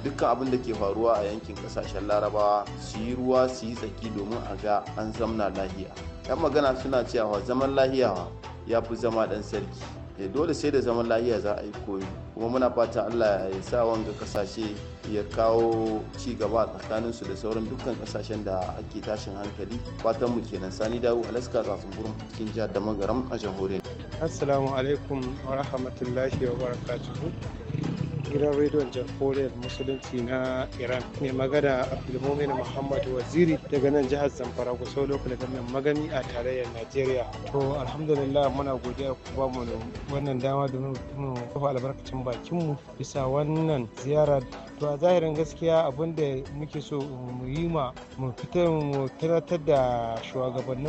dukkan abin da ke faruwa a yankin ƙasashen larabawa su yi ruwa su yi tsaki domin a ga an zamna lahiya yan magana suna cewa zaman lahiya ya fi zama dan sarki da eh, dole sai da zaman lahiya za a yi koyi kuma muna fata allah ya sa wanga kasashe ya kawo ci gaba a tsakaninsu da sauran dukkan kasashen da ake tashin hankali fatan mu kenan sani dawo alaska tsatsun gurin cikin jihar da magaram a jamhuriyar assalamu alaikum wa rahmatullahi wa barakatuhu gidan rediyon jamhuriyar musulunci na iran mai magana abdulmumin muhammad waziri daga nan jihar zamfara lokacin lokal gamin magani a tarayyar najeriya to alhamdulillah muna godiya ku ba mu wannan dama domin mu kafa albarkacin bakin mu bisa wannan ziyara to a zahirin gaskiya abin da muke so mu yi ma mu fitar mu tunatar da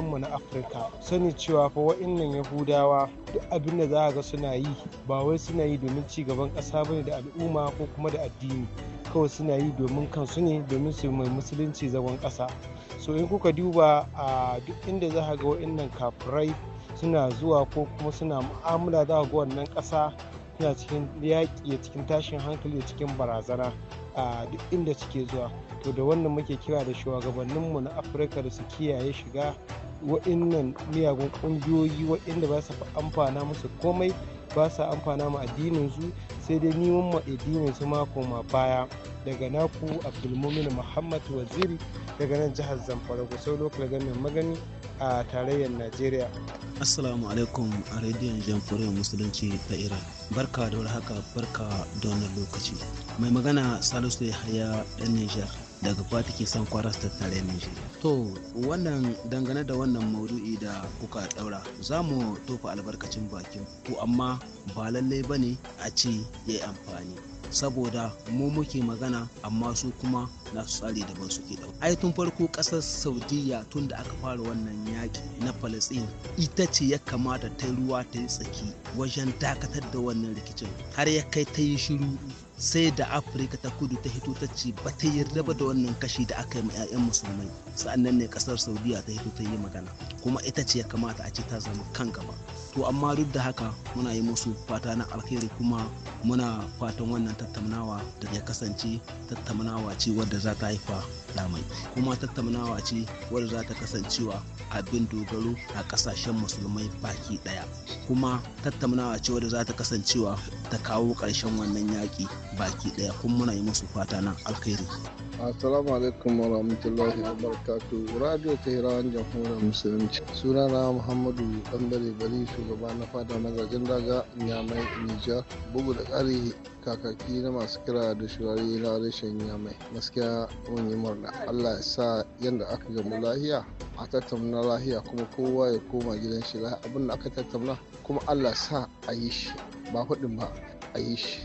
mu na afirka sani cewa fa wa'annan yahudawa duk abin da za ga suna yi ba wai suna yi domin ci gaban ƙasa bane da al'umma ko kuma da addini kawai suna yi domin kansu ne domin su mai musulunci zagon kasa so in kuka duba a duk inda za ga wa'annan kafirai suna zuwa ko kuma suna mu'amala za ga wannan ƙasa suna cikin yaƙi cikin tashin hankali cikin barazana a duk inda suke zuwa to da wannan muke kira da shugabanninmu na afirka da su kiyaye shiga wa'innan miyagun ƙungiyoyi wa'inda ba su amfana musu komai ba sa amfana ma addinin su sai dai ni mun addinin su mako ma baya daga naku abdulmumin muhammad waziri daga nan jihar zamfara gusau lokal gamin magani a tarayyar najeriya assalamu alaikum a rediyon jamhuriyar musulunci ta iran barka da warhaka barka da wannan lokaci mai magana salisu ya haya dan nijar daga kwa take son kwaras ta tare shi. To wannan dangane da wannan maudu'i da kuka daura za mu tofa albarkacin bakin ku amma ba lallai ba ne. a ce ya yi amfani. saboda mu muke magana amma su kuma na su tsari da daban suke ɗau. ai tun farko ƙasar saudiya tun da aka fara wannan yaki na palestine ita ce ya kamata ta ruwa ta yi tsaki wajen dakatar da wannan rikicin har ya kai ta yi shiru sai da afirka ta kudu ta hito ta ce ba ta yarda ba da wannan kashi da aka yi ma 'ya'yan musulmai sa'annan ne kasar saudiya ta hito ta yi magana kuma ita ce ya kamata a ce ta zama kan gaba to amma duk da haka muna yi musu fata na alkhairi kuma muna fatan wannan tattaunawa da ya kasance tattaunawa ce wadda za ta haifa lamai kuma tattaunawa ce wadda za ta kasancewa abin dogaro a kasashen musulmai baki daya kuma tattaunawa ce wadda za ta kasancewa ta kawo karshen wannan yaƙi baki daya kuma muna yi musu fata na alkhairi. Assalamu alaikum warahmatullahi wabarakatuh. Radio Tehran Jamhuriyar Musulunci. Sunana Muhammadu Dambare Bari shugaba na fada mazajen daga Nyamai Nijar. Bugu da ƙari kakaki na masu kira da shirari na rashin Nyamai. Gaskiya mun murna. Allah ya sa yadda aka gamu lahiya a tattauna lahiya kuma kowa ya koma gidan shi lahiya abin da aka tattauna kuma Allah sa a yi shi ba faɗin ba a yi shi.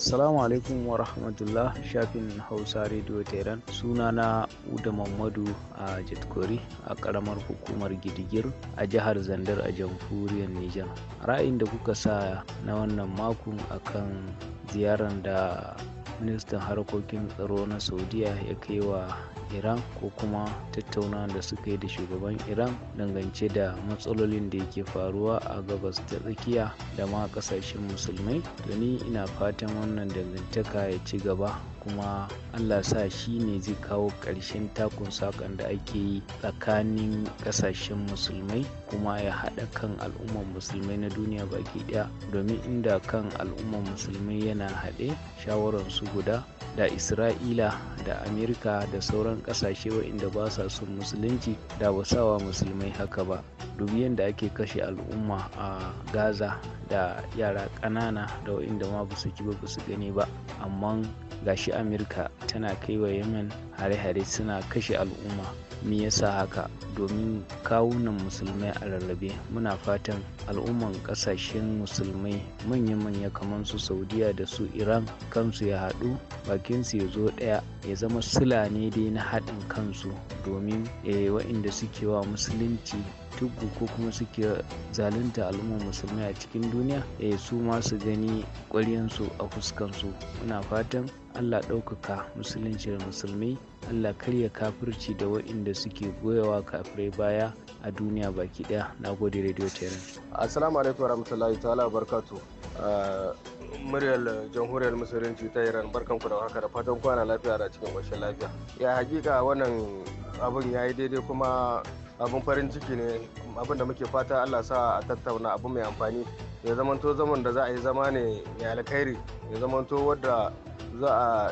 Salamu alaikum wa rahmatullah shafin Hausa Radio Tehran suna na Uda Mamadu a jitkori a karamar hukumar Gidigir a jihar Zandar a jamhuriyar Nijar. Ra'ayin da kuka sa na wannan makon akan ziyarar da ministan harkokin tsaro na Saudiya ya kai wa iran ko kuma tattauna da suka yi da shugaban iran dangance da matsalolin da yake faruwa a gabas ta tsakiya da ma kasashen musulmai to ni ina fatan wannan dangantaka ya ci gaba kuma allah sa shi ne zai kawo ƙarshen takun sakon da ake yi tsakanin kasashen musulmai kuma ya haɗa kan al'umman musulmai na duniya baki ɗaya domin inda kan al'umman musulmai yana haɗe shawararsu guda da isra'ila da amerika da sauran kasashe waɗanda ba sa son musulunci da ba sawa musulmai haka ba dubiyan da ake kashe al'umma a gaza da yara ƙanana da wa'inda ma ba su ji ba su gani ba amma gashi amerika tana kai wa yemen hare-hare suna kashe al'umma me yasa haka domin kawunan musulmai a rarrabe muna fatan al'umman kasashen musulmai manya-manya kamar su saudiya da su iran kansu ya haɗu bakinsu ya zo ɗaya ya zama sula ne dai na haɗin kansu domin eh, waɗanda suke wa musulunci tubu ko kuma suke zalunta al'umman musulmai a cikin duniya eh, su ma su gani ƙwaryansu a fuskansu muna fatan allah ɗaukaka musulunci da musulmai. Allah karya kafirci da waɗanda suke goyawa kafirai baya a duniya baki ɗaya na gode radio terrain assalamu alaikum warahmatullahi ta'ala barkatu uh, muryar jamhuriyar musulunci ta iran barkan ku da haka da fatan kwana lafiya da cikin ƙoshin lafiya ya hakika wannan abun ya yi daidai kuma abin farin ciki ne abin da muke fata allah sa a tattauna abu mai amfani ya zamanto zaman da za a yi zama ne mai alkhairi ya zamanto wadda za a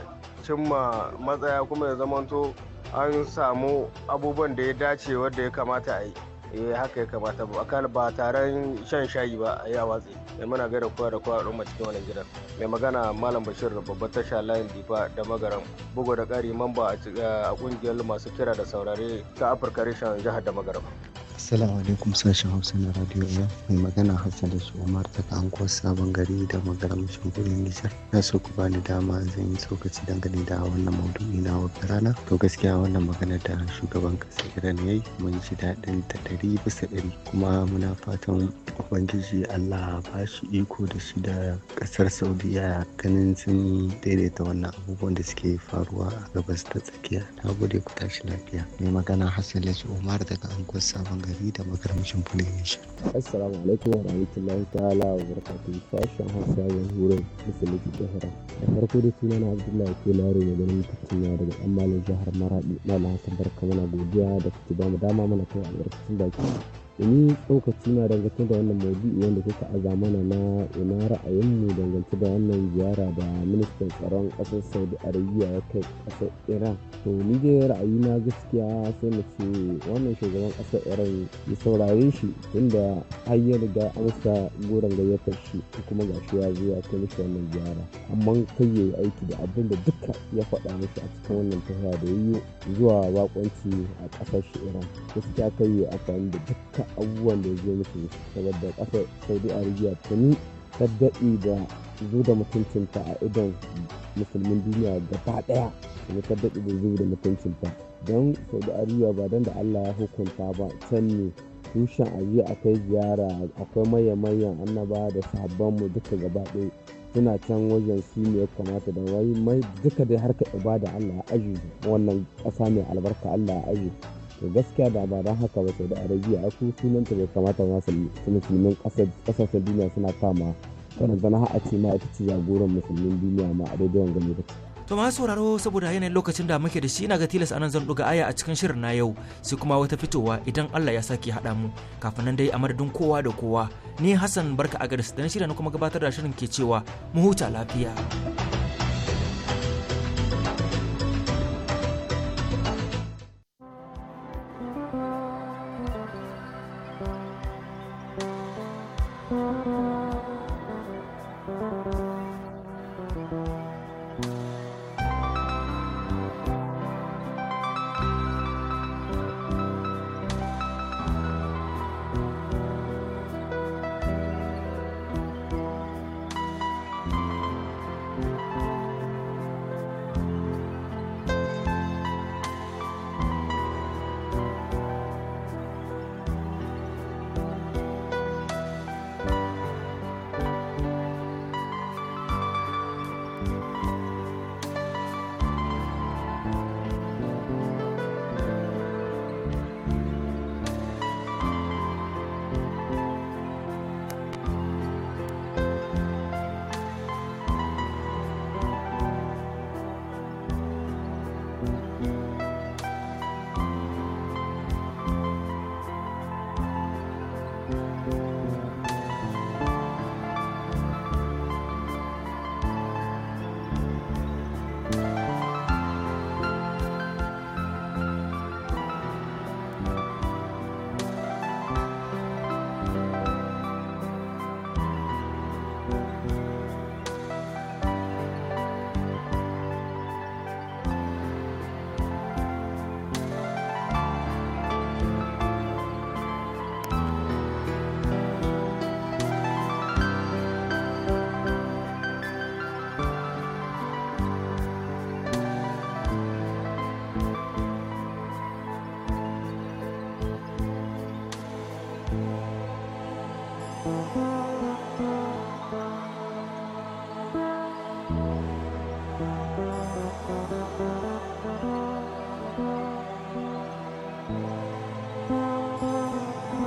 cimma matsaya kuma ya zamanto an samu abubuwan da ya dace wadda ya kamata a yi eh haka ya kamata ba akal ba taron shan shayi ba a yawa a watsi mana eh, muna gaida kowa da kowa a cikin wannan gidan mai magana malam bashir da tasha layin difa da magaran bugu da kari mamba a kungiyar masu kira da saurare ta afirka reshen jihar da magaran Assalamu alaikum sashen Hausa na Radio ya mai magana Hassan da su Umar daga anguwar Sabon Gari da magaram kudin Nijar. Na so ku bani dama zan yi tsokaci dangane da wannan maudu'i na wata rana. To gaskiya wannan magana da shugaban kasa irin ya yi mun ji daɗin ta ɗari bisa ɗari kuma muna fatan Ubangiji Allah ba shi iko da shi da ƙasar Saudiya ganin sun daidaita wannan abubuwan da suke faruwa a gabas ta tsakiya. Na gode ku tashi lafiya. Mai magana Hassan su Umar daga anguwar Sabon gari da magarmashin Playstation. Assalamu alaikum wa rahmatullahi ta'ala wa barakatuhu sashen Hausa ya hura musulunci jihara. Da farko da suna na Abdullahi ke laro ne ganin mutum daga ɗan malin jihar Maradi Malam Hassan Barka mana godiya da kuke ba mu dama mana kai albarkacin baki. Ni tsokaci na dangance da wannan maudu'i wanda kuka a zamana na ina ra'ayinmu dangance da wannan ziyara da ministan tsaron ƙasar Saudi Arabia ya kai ƙasar Iran. To ni dai ra'ayina gaskiya sai na ce wannan shugaban ƙasar Iran ya saurare shi tunda har ya riga amsa goron gayyatar shi kuma gashi ya zo ya kai mishi wannan ziyara. Amma kai ya yi aiki da abin da duka ya faɗa mishi a cikin wannan tafiya da ya yi zuwa baƙwanci a ƙasar shi Iran. Gaskiya kai ya amfani da duka abubuwan da ya zo musu saboda ƙasar saudi arabia tuni ta daɗe da zo da mutuncinta a idon musulmin duniya gaba ɗaya kuma ta daɗe da zo da mutuncinta don saudi arabia ba don da allah ya hukunta ba can ne tushen aji akwai ziyara akwai mayan-mayan annaba da mu duka gaba ɗaya suna can wajen su ne ya kamata da wai mai duka dai harka ibada Allah ya aji wannan ƙasa mai albarka Allah ya aji da gaskiya da ba don haka ba saudi arabia a sunan ta bai kamata ma musulmin kasashen duniya suna kama karanta na a ce ma ita ce jagoran musulmin duniya ma a daidai wanga To ma sauraro saboda yanayin lokacin da muke da shi na ga tilas anan zan ɗuga aya a cikin shirin na yau sai kuma wata fitowa idan Allah ya sake haɗa mu kafin nan dai a madadin kowa da kowa ni Hassan barka a garis da na shirya na kuma gabatar da shirin ke cewa mu huta lafiya.